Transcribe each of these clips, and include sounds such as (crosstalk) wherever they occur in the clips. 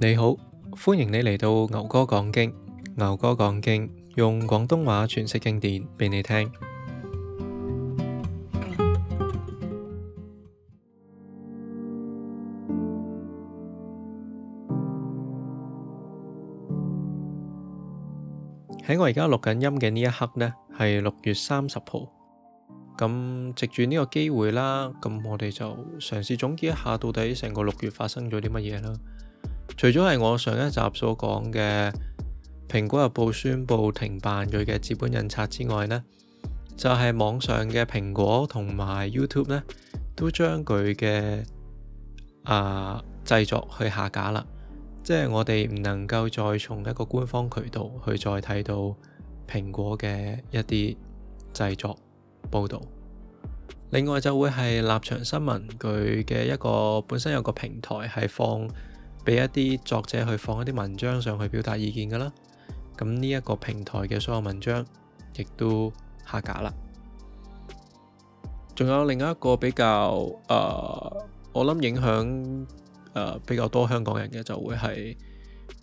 你好，歡迎你嚟到牛哥講經。牛哥講經，用廣東話詮釋經典俾你聽。喺 (music) 我而家錄緊音嘅呢一刻呢，係六月三十號。咁藉住呢個機會啦，咁我哋就嘗試總結一下，到底成個六月發生咗啲乜嘢啦。除咗係我上一集所講嘅蘋果日報宣布停辦佢嘅紙本印刷之外呢，呢就係、是、網上嘅蘋果同埋 YouTube 呢，都將佢嘅啊製作去下架啦，即係我哋唔能夠再從一個官方渠道去再睇到蘋果嘅一啲製作報道。另外就會係立場新聞佢嘅一個本身有個平台係放。俾一啲作者去放一啲文章上去表達意見㗎啦，咁呢一個平台嘅所有文章亦都下架啦。仲有另一個比較誒、呃，我諗影響誒、呃、比較多香港人嘅，就會係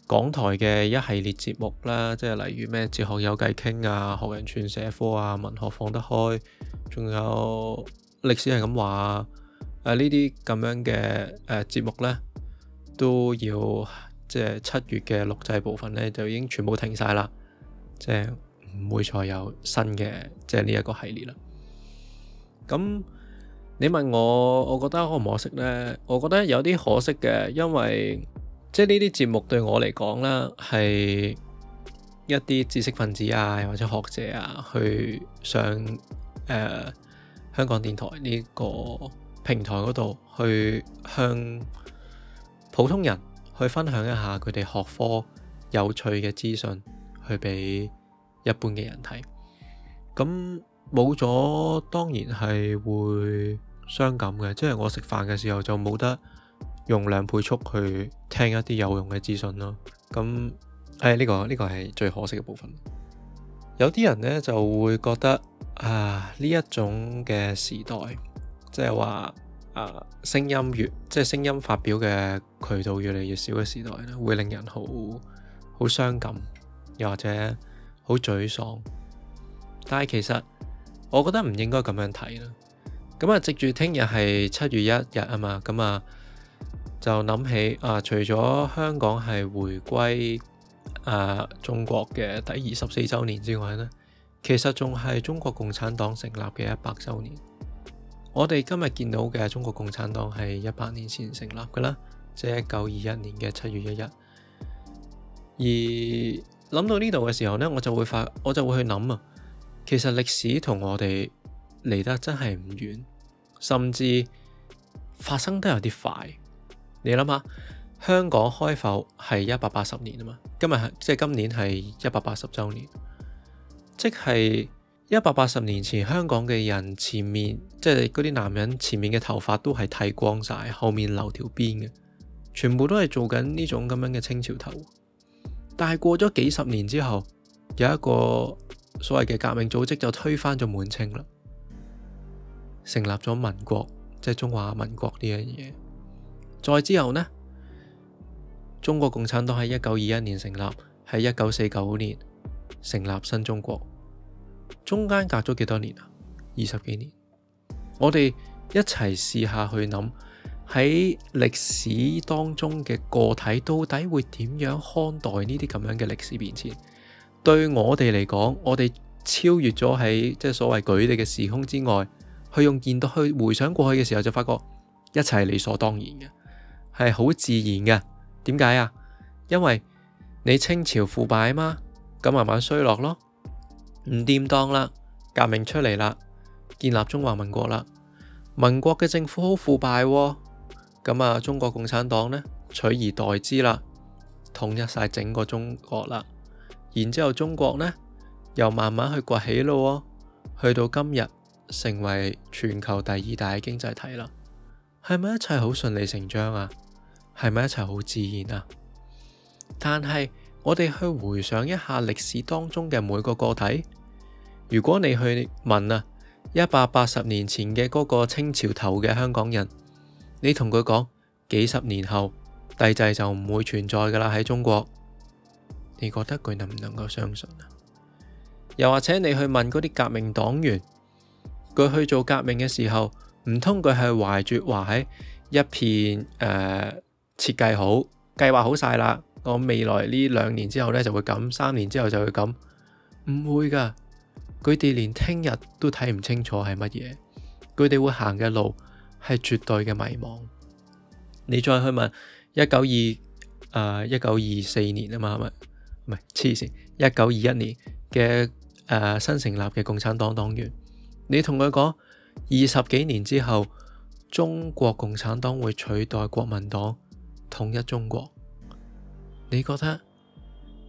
港台嘅一系列節目啦，即係例如咩哲學有偈傾啊，學人串社科啊，文學放得開，仲有歷史係咁話誒呢啲咁樣嘅誒節目呢，都要即係七月嘅錄製部分呢，就已經全部停晒啦，即係唔會再有新嘅即係呢一個系列啦。咁你問我，我覺得可唔可惜呢？我覺得有啲可惜嘅，因為即係呢啲節目對我嚟講啦，係一啲知識分子啊或者學者啊去上誒、呃、香港電台呢個平台嗰度去向。普通人去分享一下佢哋學科有趣嘅資訊，去俾一般嘅人睇。咁冇咗當然係會傷感嘅，即係我食飯嘅時候就冇得用兩倍速去聽一啲有用嘅資訊咯。咁誒，呢個呢個係最可惜嘅部分。有啲人呢就會覺得啊，呢一種嘅時代，即係話。啊，聲音越即係聲音發表嘅渠道越嚟越少嘅時代咧，會令人好好傷感，又或者好沮喪。但係其實我覺得唔應該咁樣睇啦。咁、嗯、啊，藉住聽日係七月一日啊嘛，咁啊就諗起啊，除咗香港係回歸啊中國嘅第二十四週年之外呢，其實仲係中國共產黨成立嘅一百週年。我哋今日見到嘅中國共產黨係一百年前成立嘅啦，即係一九二一年嘅七月一日。而諗到呢度嘅時候呢，我就會發，我就會去諗啊。其實歷史同我哋離得真係唔遠，甚至發生得有啲快。你諗下，香港開埠係一百八十年啊嘛，今日即係今年係一百八十週年，即係。一百八十年前，香港嘅人前面即係嗰啲男人前面嘅頭髮都係剃光晒，後面留條辮嘅，全部都係做緊呢種咁樣嘅清朝頭。但係過咗幾十年之後，有一個所謂嘅革命組織就推翻咗滿清啦，成立咗民國，即係中華民國呢樣嘢。再之後呢，中國共產黨喺一九二一年成立，喺一九四九年成立新中國。中間隔咗幾多年啊？二十幾年，我哋一齊試一下去諗喺歷史當中嘅個體到底會點樣看待呢啲咁樣嘅歷史變遷？對我哋嚟講，我哋超越咗喺即係所謂舉例嘅時空之外，去用現代、去回想過去嘅時候，就發覺一切理所當然嘅，係好自然嘅。點解啊？因為你清朝腐敗啊嘛，咁慢慢衰落咯。唔掂當啦，革命出嚟啦，建立中華民國啦，民國嘅政府好腐敗喎，咁啊，中國共產黨呢取而代之啦，統一晒整個中國啦，然之後中國呢又慢慢去崛起咯喎，去到今日成為全球第二大經濟體啦，係咪一切好順理成章啊？係咪一切好自然啊？但係我哋去回想一下歷史當中嘅每個個體。如果你去問啊，一百八十年前嘅嗰個清朝頭嘅香港人，你同佢講幾十年後帝制就唔會存在噶啦，喺中國，你覺得佢能唔能夠相信啊？又或者你去問嗰啲革命黨員，佢去做革命嘅時候，唔通佢係懷住話喺一片誒、呃、設計好計劃好晒啦，我未來呢兩年之後呢就會咁，三年之後就會咁？唔會噶。佢哋連聽日都睇唔清楚係乜嘢，佢哋會行嘅路係絕對嘅迷茫。你再去問一九二誒一九二四年啊嘛，係咪唔係黐線，一九二一年嘅誒、呃、新成立嘅共產黨黨員，你同佢講二十幾年之後中國共產黨會取代國民黨統一中國，你覺得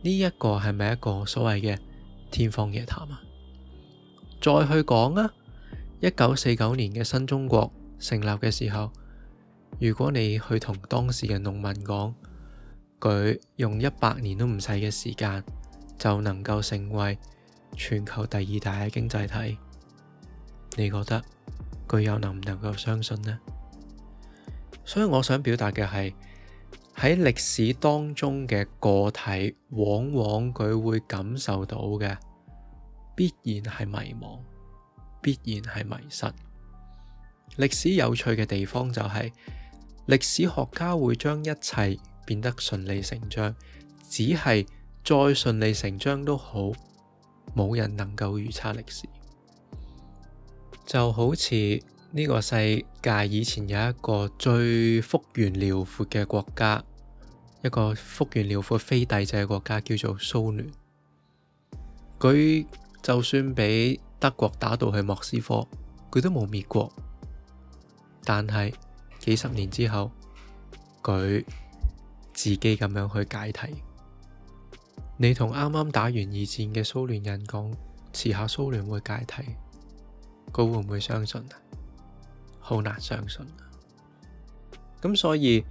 呢一個係咪一個所謂嘅天方夜譚啊？再去講啊！一九四九年嘅新中國成立嘅時候，如果你去同當時嘅農民講，佢用一百年都唔使嘅時間就能夠成為全球第二大嘅經濟體，你覺得佢又能唔能夠相信呢？所以我想表達嘅係喺歷史當中嘅個體，往往佢會感受到嘅。必然係迷茫，必然係迷失。歷史有趣嘅地方就係、是，歷史學家會將一切變得順理成章，只係再順理成章都好，冇人能夠預測歷史。就好似呢個世界以前有一個最幅員遼闊嘅國家，一個幅員遼闊非帝制嘅國家，叫做蘇聯。佢就算俾德國打到去莫斯科，佢都冇滅國。但係幾十年之後，佢自己咁樣去解體。你同啱啱打完二戰嘅蘇聯人講，遲下蘇聯會解體，佢會唔會相信啊？好難相信啊！咁所以，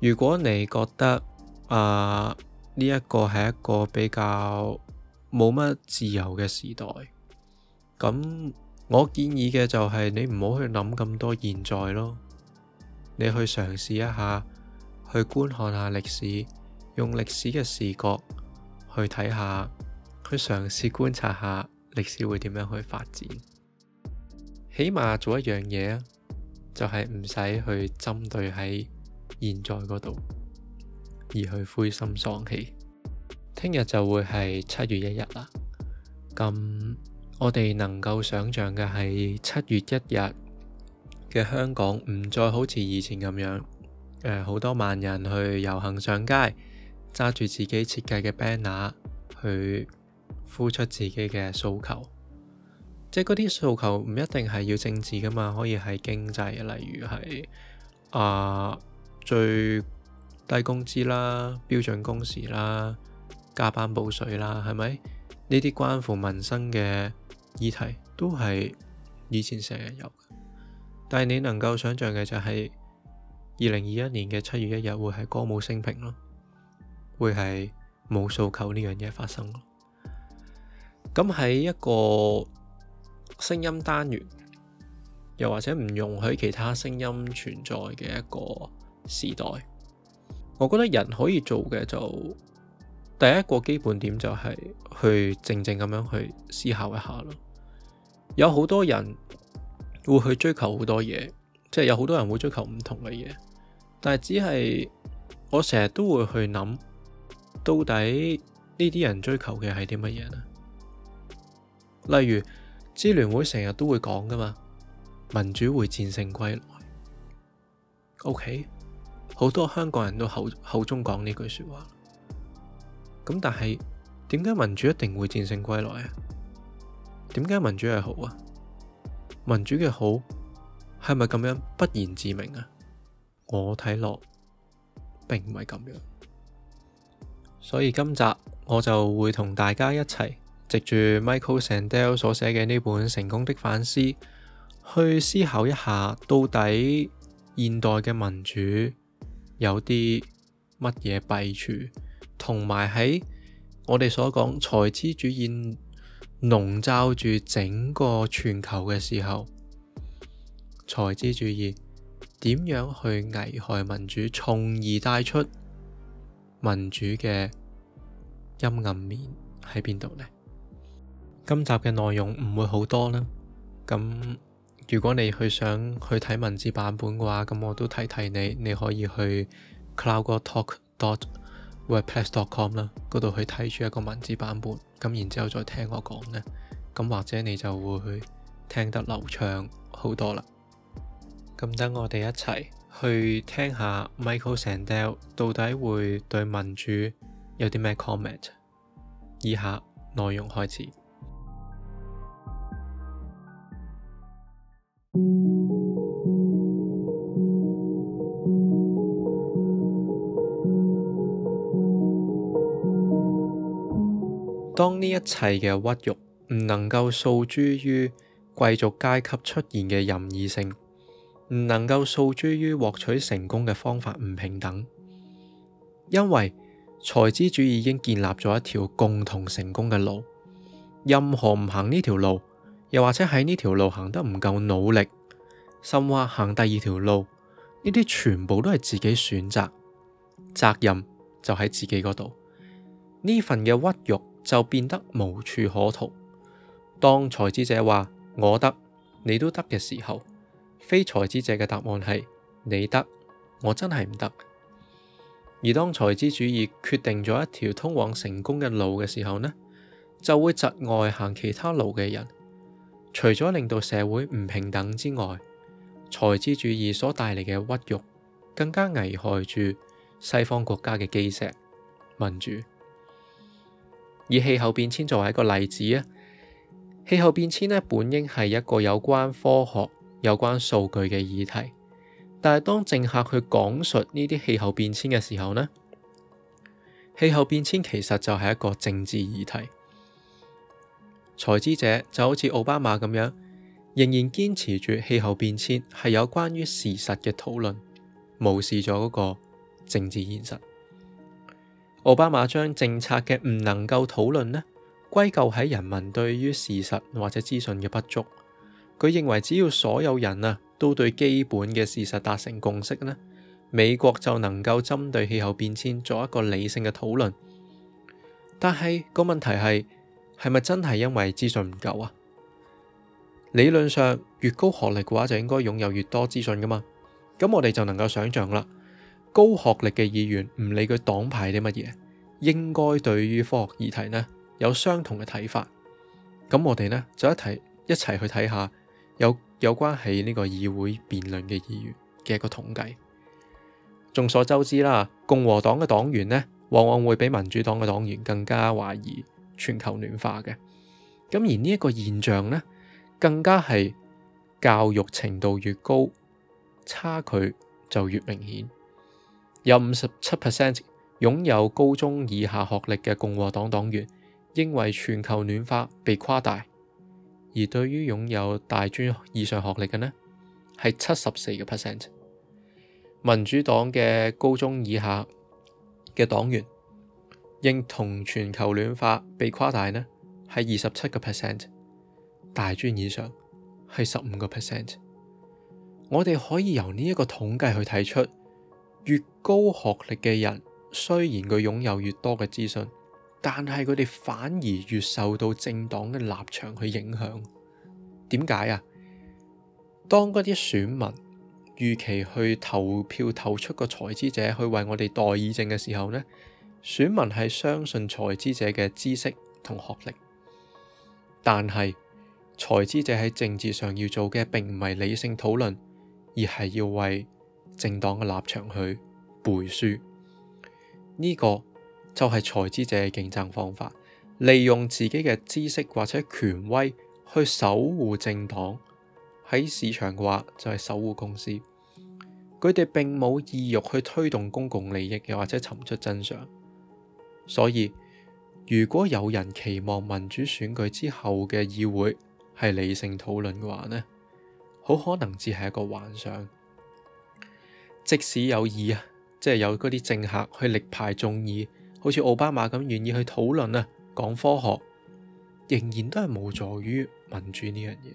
如果你覺得啊呢一個係一個比較……冇乜自由嘅時代，咁我建議嘅就係你唔好去諗咁多現在咯，你去嘗試一下，去觀看下歷史，用歷史嘅視角去睇下，去嘗試觀察下歷史會點樣去發展，起碼做一樣嘢就係唔使去針對喺現在嗰度，而去灰心喪氣。聽日就會係七月一日啦。咁我哋能夠想象嘅係七月一日嘅香港，唔再好似以前咁樣，誒、呃，好多萬人去遊行上街，揸住自己設計嘅 banner 去呼出自己嘅訴求。即係嗰啲訴求唔一定係要政治噶嘛，可以係經濟，例如係啊、呃，最低工資啦，標準工時啦。加班補水啦，係咪？呢啲關乎民生嘅議題，都係以前成日有。但係你能夠想像嘅就係二零二一年嘅七月一日會係歌舞升平咯，會係冇訴求呢樣嘢發生咯。咁喺一個聲音單元，又或者唔容許其他聲音存在嘅一個時代，我覺得人可以做嘅就是。第一個基本點就係去靜靜咁樣去思考一下咯。有好多人會去追求好多嘢，即係有好多人會追求唔同嘅嘢，但係只係我成日都會去諗，「到底呢啲人追求嘅係啲乜嘢呢？」例如支聯會成日都會講㗎嘛，民主會戰勝歸來。OK，好多香港人都口口中講呢句説話。咁但係點解民主一定會戰勝歸來啊？點解民主係好啊？民主嘅好係咪咁樣不言自明啊？我睇落並唔係咁樣，所以今集我就會同大家一齊，藉住 Michael Sandel 所寫嘅呢本《成功的反思》去思考一下，到底現代嘅民主有啲乜嘢弊處？同埋喺我哋所講才知主義籠罩住整個全球嘅時候，才知主義點樣去危害民主，從而帶出民主嘅陰暗面喺邊度呢？今集嘅內容唔會好多啦。咁如果你去想去睇文字版本嘅話，咁我都提提你，你可以去 cowgortalk.com plus.com 啦，度去睇住一個文字版本，咁然之後再聽我講呢。咁或者你就會去聽得流暢好多啦。咁等我哋一齊去聽下 Michael Sandel 到底會對民主有啲咩 comment。以下內容開始。 (noise) 當呢一切嘅屈辱唔能夠訴諸於貴族階級出現嘅任意性，唔能夠訴諸於獲取成功嘅方法唔平等，因為才知主義已經建立咗一條共同成功嘅路。任何唔行呢條路，又或者喺呢條路行得唔夠努力，甚或行第二條路，呢啲全部都係自己選擇，責任就喺自己嗰度。呢份嘅屈辱，就變得無處可逃。當才智者話我得，你都得嘅時候，非才智者嘅答案係你得，我真係唔得。而當才智主義決定咗一條通往成功嘅路嘅時候呢，就會窒外行其他路嘅人，除咗令到社會唔平等之外，才智主義所帶嚟嘅屈辱，更加危害住西方國家嘅基石民主。以氣候變遷作為一個例子啊，氣候變遷呢本應係一個有關科學、有關數據嘅議題，但係當政客去講述呢啲氣候變遷嘅時候呢，氣候變遷其實就係一個政治議題。才知者就好似奧巴馬咁樣，仍然堅持住氣候變遷係有關於事實嘅討論，無視咗嗰個政治現實。奧巴馬將政策嘅唔能夠討論呢，歸咎喺人民對於事實或者資訊嘅不足。佢認為只要所有人啊都對基本嘅事實達成共識呢，美國就能夠針對氣候變遷做一個理性嘅討論。但係個問題係係咪真係因為資訊唔夠啊？理論上越高學歷嘅話就應該擁有越多資訊噶嘛，咁我哋就能夠想象啦。高學歷嘅議員唔理佢黨派啲乜嘢，應該對於科學議題呢有相同嘅睇法。咁我哋呢就一睇一齊去睇下有有關係呢個議會辯論嘅議員嘅一個統計。眾所周知啦，共和黨嘅黨員呢往往會比民主黨嘅黨員更加懷疑全球暖化嘅。咁而呢一個現象呢，更加係教育程度越高，差距就越明顯。有五十七 percent 擁有高中以下學歷嘅共和黨黨員認為全球暖化被誇大，而對於擁有大專以上學歷嘅呢，係七十四個 percent。民主黨嘅高中以下嘅黨員認同全球暖化被誇大呢，係二十七個 percent，大專以上係十五個 percent。我哋可以由呢一個統計去睇出。越高學歷嘅人，雖然佢擁有越多嘅資訊，但係佢哋反而越受到政黨嘅立場去影響。點解啊？當嗰啲選民預期去投票投出個才知者去為我哋代議政嘅時候呢，選民係相信才知者嘅知識同學歷，但係才知者喺政治上要做嘅，並唔係理性討論，而係要為政黨嘅立場去背書。呢、這個就係才知者嘅競爭方法，利用自己嘅知識或者權威去守護政黨喺市場嘅話就係、是、守護公司，佢哋並冇意欲去推動公共利益又或者尋出真相，所以如果有人期望民主選舉之後嘅議會係理性討論嘅話呢，好可能只係一個幻想。即使有議啊，即係有嗰啲政客去力排眾議，好似奧巴馬咁願意去討論啊，講科學仍然都係無助於民主呢樣嘢。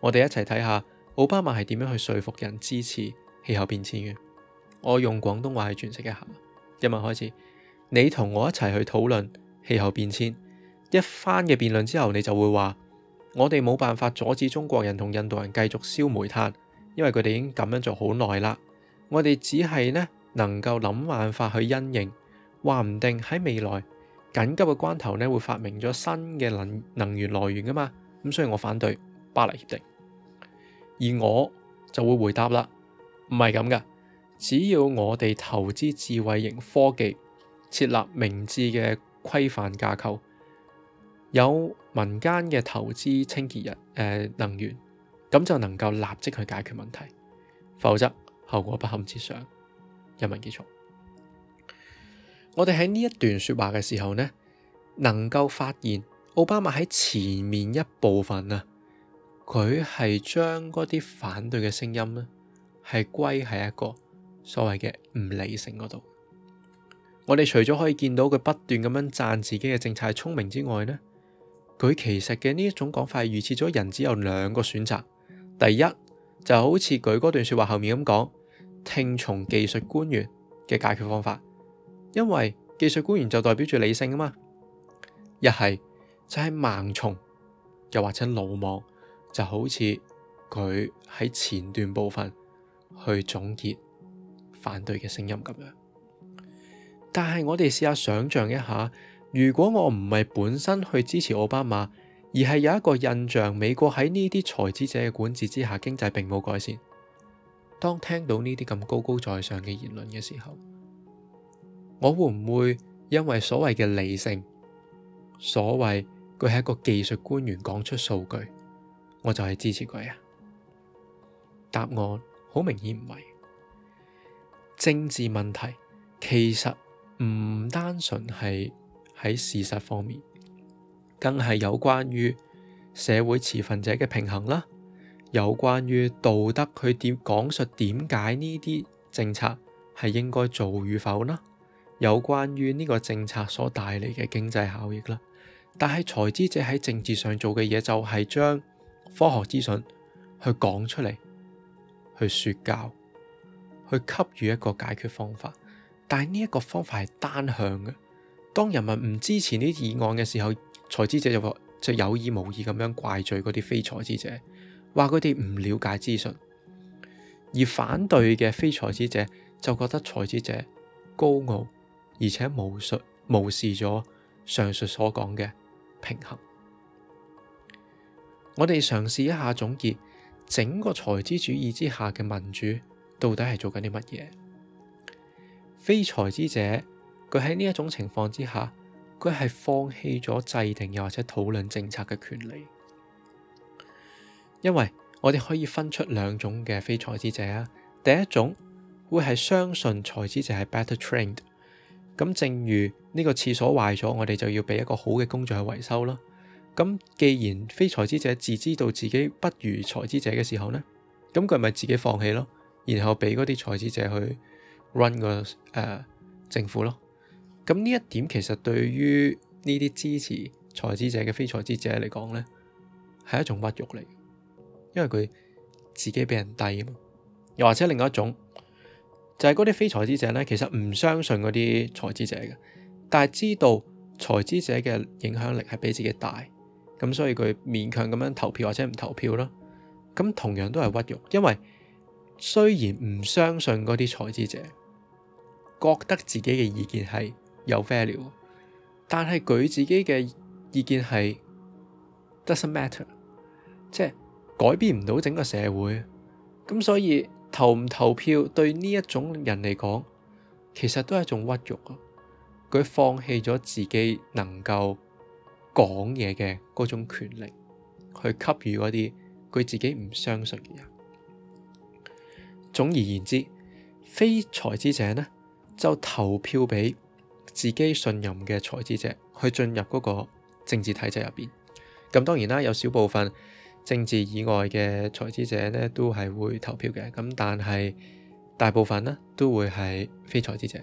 我哋一齊睇下奧巴馬係點樣去說服人支持氣候變遷嘅。我用廣東話去傳譯一下，一問開始，你同我一齊去討論氣候變遷一番嘅辯論之後，你就會話，我哋冇辦法阻止中國人同印度人繼續燒煤炭，因為佢哋已經咁樣做好耐啦。我哋只係能夠諗辦法去因應，話唔定喺未來緊急嘅關頭咧會發明咗新嘅能、能源來源噶嘛。咁所以我反對巴黎協定，而我就會回答啦，唔係咁噶。只要我哋投資智慧型科技，設立明智嘅規範架構，有民間嘅投資清潔人、呃、能源，咁就能夠立即去解決問題，否則。後果不堪設想。一文結束，我哋喺呢一段說話嘅時候呢，能夠發現奧巴馬喺前面一部分啊，佢係將嗰啲反對嘅聲音呢係歸喺一個所謂嘅唔理性嗰度。我哋除咗可以見到佢不斷咁樣讚自己嘅政策係聰明之外呢，呢佢其實嘅呢一種講法，係預設咗人只有兩個選擇，第一就好似佢嗰段說話後面咁講。聽從技術官員嘅解決方法，因為技術官員就代表住理性啊嘛。一係就係盲從，又或者魯莽，就好似佢喺前段部分去總結反對嘅聲音咁樣。但係我哋試下想象一下，如果我唔係本身去支持奧巴馬，而係有一個印象，美國喺呢啲才智者嘅管治之下，經濟並冇改善。當聽到呢啲咁高高在上嘅言論嘅時候，我會唔會因為所謂嘅理性，所謂佢係一個技術官員講出數據，我就係支持佢啊？答案好明顯唔係。政治問題其實唔單純係喺事實方面，更係有關於社會持份者嘅平衡啦。有關於道德，佢點講述點解呢啲政策係應該做與否啦？有關於呢個政策所帶嚟嘅經濟效益啦。但係才知者喺政治上做嘅嘢，就係將科學資訊去講出嚟，去說教，去給予一個解決方法。但係呢一個方法係單向嘅。當人民唔支持呢啲議案嘅時候，才知者就就有意無意咁樣怪罪嗰啲非才知者。話佢哋唔了解資訊，而反對嘅非才知者就覺得才知者高傲，而且無視無視咗上述所講嘅平衡。我哋嘗試一下總結整個才知主義之下嘅民主到底係做緊啲乜嘢？非才知者佢喺呢一種情況之下，佢係放棄咗制定又或者討論政策嘅權利。因為我哋可以分出兩種嘅非才知者啊。第一種會係相信才知者係 better trained。咁正如呢個廁所壞咗，我哋就要俾一個好嘅工作去維修啦。咁既然非才知者自知道自己不如才知者嘅時候呢，咁佢咪自己放棄咯，然後俾嗰啲才知者去 run 個誒、呃、政府咯。咁呢一點其實對於呢啲支持才知者嘅非才知者嚟講呢，係一種屈辱嚟。因為佢自己比人低啊嘛，又或者另外一種就係嗰啲非才知者呢，其實唔相信嗰啲才知者嘅，但係知道才知者嘅影響力係比自己大，咁所以佢勉強咁樣投票或者唔投票啦，咁同樣都係屈辱，因為雖然唔相信嗰啲才知者，覺得自己嘅意見係有 value，但係佢自己嘅意見係 doesn't matter，即係。改變唔到整個社會，咁所以投唔投票對呢一種人嚟講，其實都係一種屈辱啊！佢放棄咗自己能夠講嘢嘅嗰種權力，去給予嗰啲佢自己唔相信嘅人。總而言之，非才智者呢，就投票俾自己信任嘅才智者去進入嗰個政治體制入邊。咁當然啦，有小部分。政治以外嘅才知者呢，都係會投票嘅。咁但係大部分呢，都會係非才知者。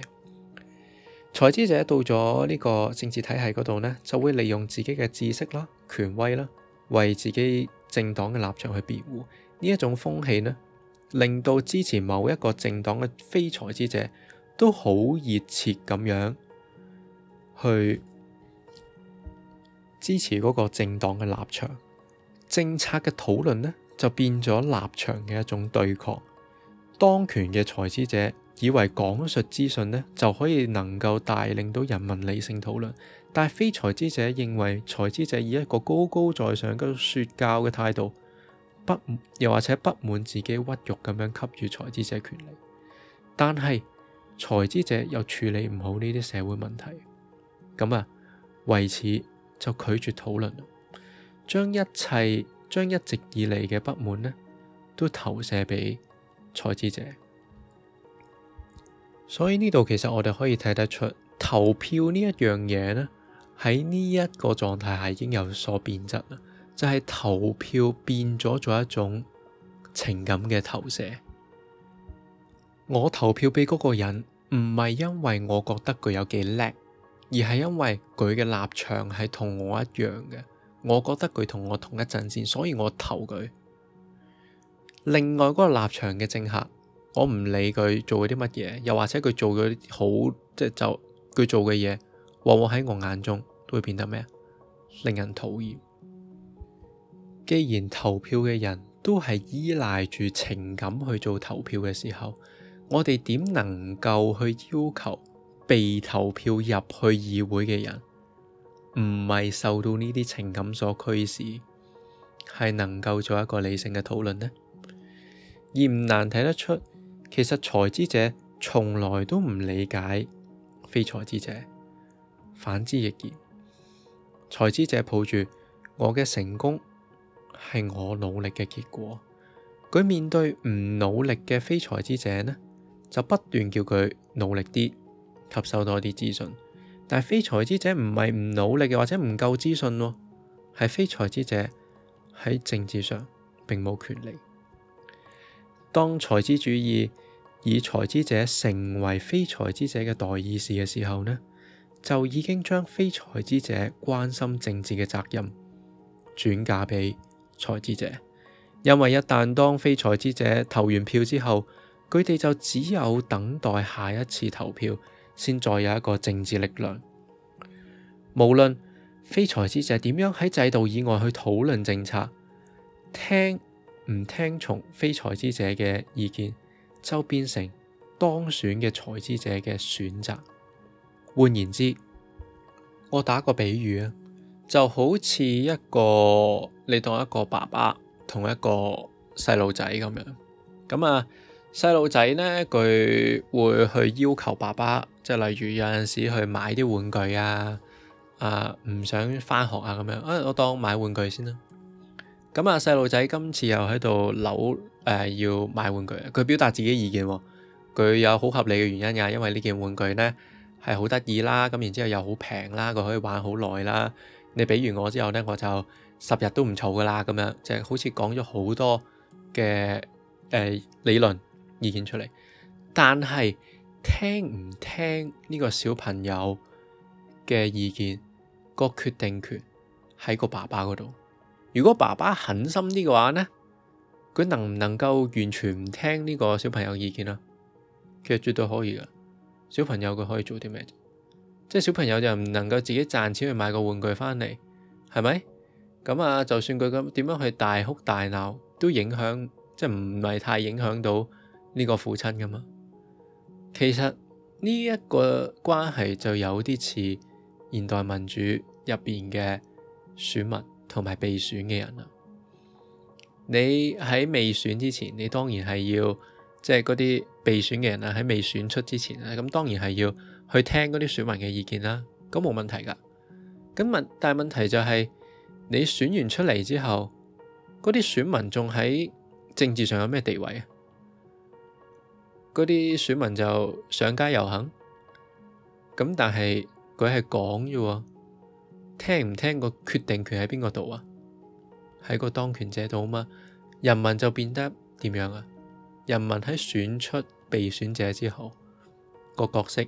才知者到咗呢個政治體系嗰度呢，就會利用自己嘅知識啦、權威啦，為自己政黨嘅立場去辯護。呢一種風氣呢，令到支持某一個政黨嘅非才知者都好熱切咁樣去支持嗰個政黨嘅立場。政策嘅討論呢，就變咗立場嘅一種對抗。當權嘅才知者以為講述資訊呢，就可以能夠帶領到人民理性討論，但係非才知者認為才知者以一個高高在上嘅說教嘅態度，不又或者不滿自己屈辱咁樣給予才知者權利，但係才知者又處理唔好呢啲社會問題，咁啊，為此就拒絕討論。將一切將一直以嚟嘅不滿咧，都投射畀才知者。所以呢度其實我哋可以睇得出，投票呢一樣嘢咧，喺呢一個狀態下已經有所變質啦。就係、是、投票變咗做一種情感嘅投射。我投票俾嗰個人唔係因為我覺得佢有幾叻，而係因為佢嘅立場係同我一樣嘅。我覺得佢同我同一陣線，所以我投佢。另外嗰個立場嘅政客，我唔理佢做咗啲乜嘢，又或者佢做咗啲好，即係就佢做嘅嘢，往往喺我眼中都會變得咩？令人討厭。既然投票嘅人都係依賴住情感去做投票嘅時候，我哋點能夠去要求被投票入去議會嘅人？唔係受到呢啲情感所驅使，係能夠做一個理性嘅討論呢？而唔難睇得出，其實才知者從來都唔理解非才知者，反之亦然。才知者抱住我嘅成功係我努力嘅結果，佢面對唔努力嘅非才知者呢，就不斷叫佢努力啲，吸收多啲資訊。但係非財知者唔係唔努力嘅，或者唔夠資訊喎，係非才知者喺政治上並冇權利。當才知主義以才知者成為非才知者嘅代議士嘅時候呢，就已經將非才知者關心政治嘅責任轉嫁俾才知者，因為一旦當非才知者投完票之後，佢哋就只有等待下一次投票。先再有一個政治力量，無論非才知者點樣喺制度以外去討論政策，聽唔聽從非才知者嘅意見，就變成當選嘅才知者嘅選擇。換言之，我打個比喻啊，就好似一個你當一個爸爸同一個細路仔咁樣，咁啊細路仔呢，佢會去要求爸爸。即係例如有陣時去買啲玩具啊，啊唔想翻學啊咁樣啊，我當買玩具先啦。咁啊細路仔今次又喺度扭誒、呃，要買玩具，佢表達自己意見、啊，佢有好合理嘅原因噶、啊，因為呢件玩具呢係好得意啦，咁然之後又好平啦，佢可以玩好耐啦。你俾完我之後呢，我就十日都唔嘈噶啦，咁樣，即係、好似講咗好多嘅誒、呃、理論意見出嚟，但係，聽唔聽呢個小朋友嘅意見，個決定權喺個爸爸嗰度。如果爸爸狠心啲嘅話呢，佢能唔能夠完全唔聽呢個小朋友意見啊？其實絕對可以噶。小朋友佢可以做啲咩？即係小朋友就唔能夠自己賺錢去買個玩具翻嚟，係咪？咁啊，就算佢咁點樣去大哭大鬧，都影響，即係唔係太影響到呢個父親噶嘛。其實呢一個關係就有啲似現代民主入邊嘅選民同埋被選嘅人啦。你喺未選之前，你當然係要即係嗰啲被選嘅人啊，喺未選出之前啊，咁當然係要去聽嗰啲選民嘅意見啦、啊，咁冇問題噶。咁問，但係問題就係、是、你選完出嚟之後，嗰啲選民仲喺政治上有咩地位啊？嗰啲選民就上街遊行，咁但係佢係講咋喎，聽唔聽個決定權喺邊個度啊？喺個當權者度啊嘛？人民就變得點樣啊？人民喺選出被選者之後，個角色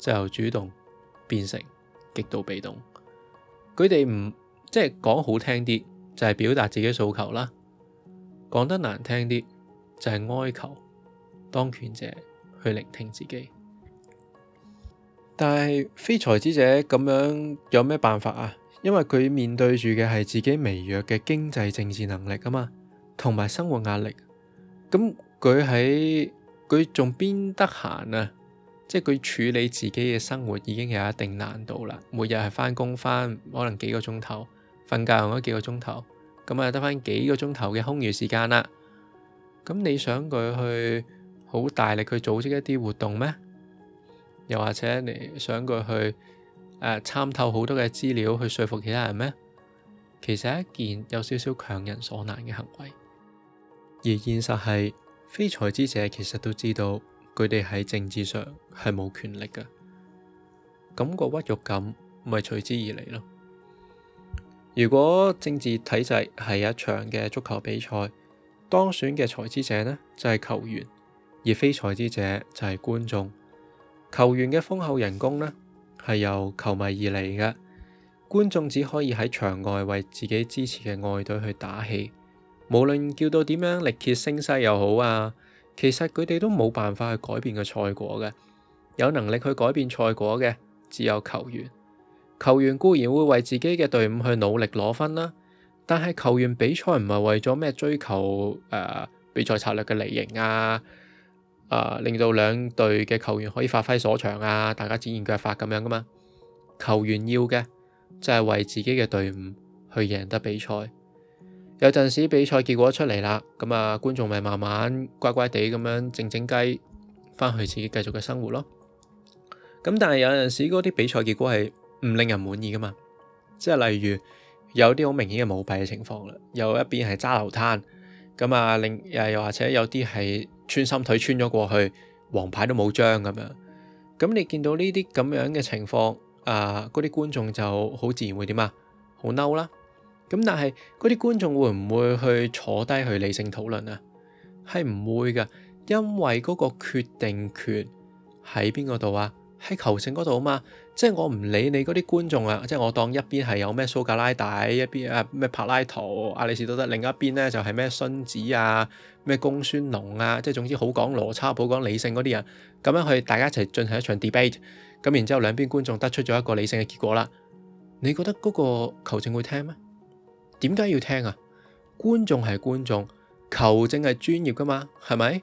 就由主動變成極度被動，佢哋唔即係講好聽啲就係表達自己訴求啦，講得難聽啲就係哀求。當權者去聆聽自己，但係非才知者咁樣有咩辦法啊？因為佢面對住嘅係自己微弱嘅經濟、政治能力啊嘛，同埋生活壓力。咁佢喺佢仲邊得閒啊？即係佢處理自己嘅生活已經有一定難度啦。每日係翻工翻，可能幾個鐘頭，瞓覺用咗幾個鐘頭，咁啊得翻幾個鐘頭嘅空餘時間啦。咁你想佢去？好大力去組織一啲活動咩？又或者你想過去誒參透好多嘅資料去説服其他人咩？其實係一件有少少強人所難嘅行為。而現實係非才知者其實都知道佢哋喺政治上係冇權力嘅，咁個屈辱感咪隨之而嚟咯。如果政治體制係一場嘅足球比賽，當選嘅才知者呢，就係球員。而非才知者就係、是、觀眾，球員嘅豐厚人工呢，係由球迷而嚟嘅。觀眾只可以喺場外為自己支持嘅愛隊去打氣，無論叫到點樣力竭聲嘶又好啊，其實佢哋都冇辦法去改變個賽果嘅。有能力去改變賽果嘅只有球員。球員固然會為自己嘅隊伍去努力攞分啦，但係球員比賽唔係為咗咩追求誒、呃、比賽策略嘅利贏啊。啊，令到兩隊嘅球員可以發揮所長啊，大家展現腳法咁樣噶嘛。球員要嘅就係、是、為自己嘅隊伍去贏得比賽。有陣時比賽結果出嚟啦，咁、嗯、啊觀眾咪慢慢乖乖地咁樣靜靜雞翻去自己繼續嘅生活咯。咁但係有陣時嗰啲比賽結果係唔令人滿意噶嘛，即係例如有啲好明顯嘅舞弊嘅情況啦，有一邊係揸流灘，咁啊另又又或者有啲係，穿心腿穿咗過去，黃牌都冇張咁樣。咁你見到呢啲咁樣嘅情況，啊、呃，嗰啲觀眾就好自然會點啊？好嬲啦！咁但係嗰啲觀眾會唔會去坐低去理性討論啊？係唔會噶，因為嗰個決定權喺邊個度啊？喺球證嗰度啊嘛，即係我唔理你嗰啲觀眾啊，即係我當一邊係有咩蘇格拉底，一邊啊咩柏拉圖、亞里士多德，另一邊咧就係咩孫子啊、咩公孫龍啊，即係總之好講邏輯、好講理性嗰啲人，咁樣去大家一齊進行一場 debate，咁然之後兩邊觀眾得出咗一個理性嘅結果啦。你覺得嗰個球證會聽咩？點解要聽啊？觀眾係觀眾，球證係專業噶嘛，係咪？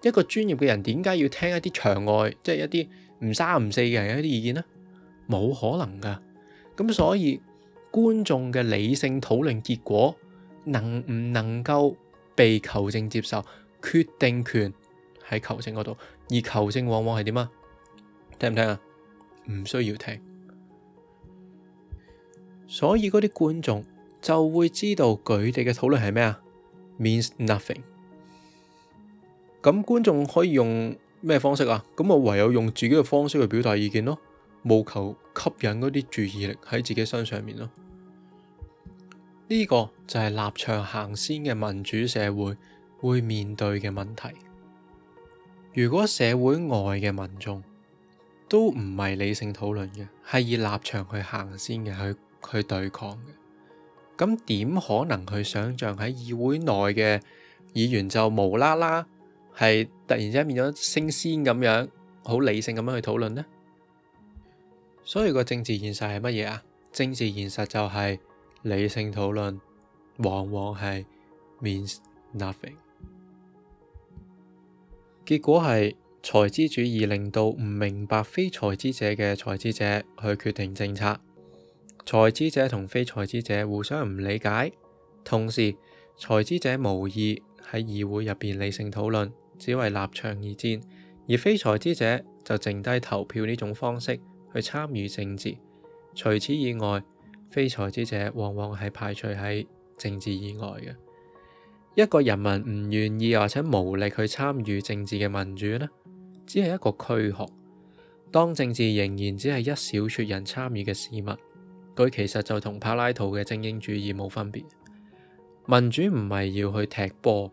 一個專業嘅人點解要聽一啲場外，即係一啲？唔三唔四嘅人一啲意見咧，冇可能噶。咁所以觀眾嘅理性討論結果能唔能夠被球證接受，決定權喺球證嗰度。而球證往往係點啊？聽唔聽啊？唔需要聽。所以嗰啲觀眾就會知道佢哋嘅討論係咩啊？Means nothing。咁觀眾可以用。咩方式啊？咁我唯有用自己嘅方式去表達意見咯，務求吸引嗰啲注意力喺自己身上面咯。呢個就係立場行先嘅民主社會會面對嘅問題。如果社會外嘅民眾都唔係理性討論嘅，係以立場去行先嘅，去去對抗嘅，咁點可能去想象喺議會內嘅議員就無啦啦？係突然之間變咗升仙咁樣，好理性咁樣去討論呢。所以個政治現實係乜嘢啊？政治現實就係理性討論往往係 means nothing。結果係才知主義，令到唔明白非才知者嘅才知者去決定政策，才知者同非才知者互相唔理解，同時才知者無意喺議會入邊理性討論。只為立場而戰，而非才知者就剩低投票呢種方式去參與政治。除此以外，非才知者往往係排除喺政治以外嘅。一個人民唔願意或者無力去參與政治嘅民主呢，只係一個軀殼。當政治仍然只係一小撮人參與嘅事物，佢其實就同柏拉圖嘅精英主義冇分別。民主唔係要去踢波。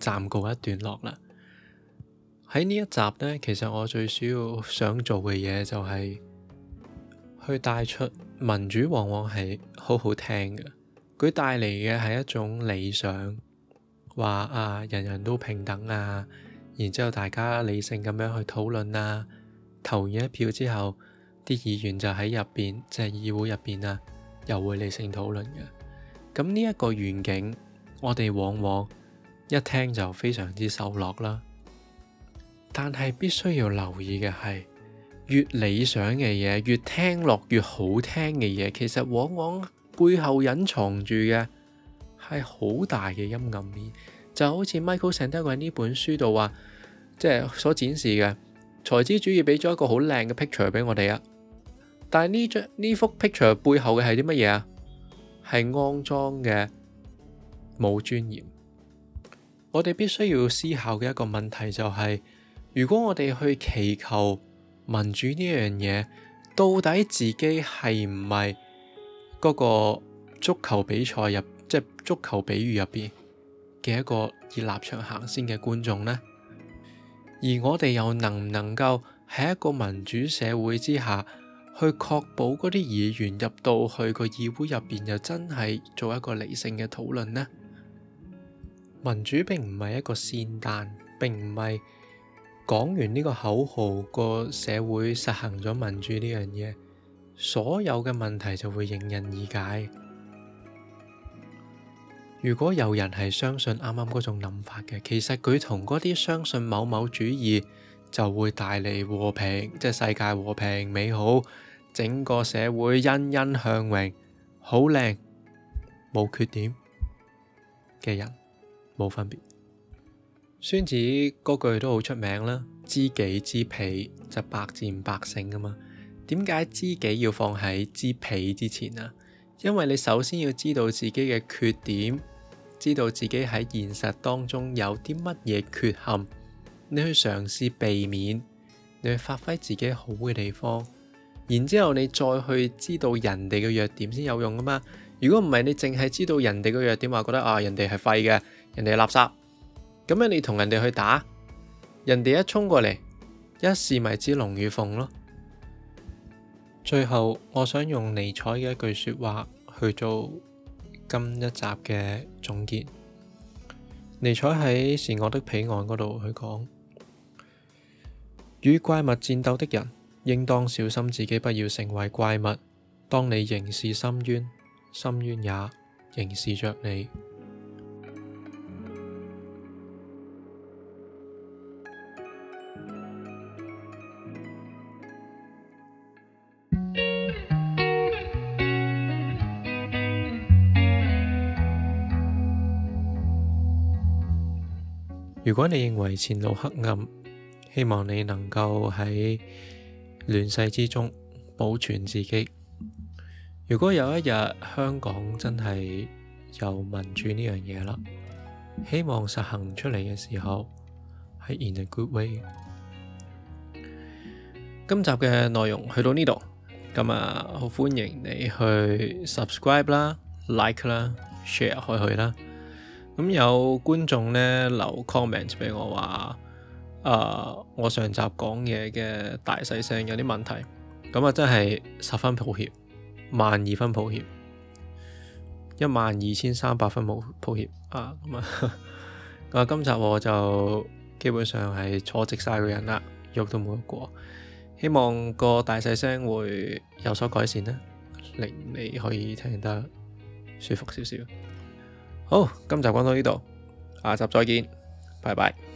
暫告一段落啦。喺呢一集呢，其實我最主要想做嘅嘢就係去帶出民主往往係好好聽嘅，佢帶嚟嘅係一種理想，話啊人人都平等啊，然之後大家理性咁樣去討論啊，投完一票之後，啲議員就喺入邊，即係議會入邊啊，又會理性討論嘅。咁呢一個願景，我哋往往一聽就非常之受落啦，但係必須要留意嘅係，越理想嘅嘢，越聽落越好聽嘅嘢，其實往往背後隱藏住嘅係好大嘅陰暗面。就是、好似 Michael s a n d 成德喺呢本書度話，即係所展示嘅財資主義俾咗一個好靚嘅 picture 俾我哋啊。但係呢張呢幅 picture 背後嘅係啲乜嘢啊？係安裝嘅冇尊嚴。我哋必須要思考嘅一個問題就係、是，如果我哋去祈求民主呢樣嘢，到底自己係唔係嗰個足球比賽入，即係足球比喻入邊嘅一個以立場行先嘅觀眾呢？而我哋又能唔能夠喺一個民主社會之下去確保嗰啲議員入到去、那個議會入邊，又真係做一個理性嘅討論呢？民主並唔係一個仙丹，並唔係講完呢個口號個社會實行咗民主呢樣嘢，所有嘅問題就會迎刃而解。如果有人係相信啱啱嗰種諗法嘅，其實佢同嗰啲相信某某主義就會帶嚟和平，即係世界和平美好，整個社會欣欣向榮，好靚，冇缺點嘅人。冇分別，孫子嗰句都好出名啦，知己知彼就百戰百勝噶嘛。點解知己要放喺知彼之前啊？因為你首先要知道自己嘅缺點，知道自己喺現實當中有啲乜嘢缺陷，你去嘗試避免，你去發揮自己好嘅地方，然之後你再去知道人哋嘅弱點先有用噶嘛。如果唔係，你淨係知道人哋嘅弱點，話覺得啊人哋係廢嘅。人哋垃圾，咁樣你同人哋去打，人哋一衝過嚟，一試咪知龍與鳳咯。最後，我想用尼采嘅一句說話去做今一集嘅總結。尼采喺《善惡的彼岸》嗰度去講，與怪物戰鬥的人，應當小心自己不要成為怪物。當你凝視深淵，深淵也凝視着你。如果你認為前路黑暗，希望你能夠喺亂世之中保存自己。如果有一日香港真係有民主呢樣嘢啦，希望實行出嚟嘅時候，係 in a good way。今集嘅內容去到呢度，咁啊，好歡迎你去 subscribe 啦、like 啦、share 開去啦。咁有觀眾呢，留 comment 俾我話，誒、呃，我上集講嘢嘅大細聲有啲問題，咁啊真係十分抱歉，萬二分抱歉，一萬二千三百分抱抱歉啊！咁、嗯、啊，咁啊，今集我就基本上係坐直晒個人啦，喐都冇喐過，希望個大細聲會有所改善咧，令你可以聽得舒服少少。好，今集講到呢度，下集再見，拜拜。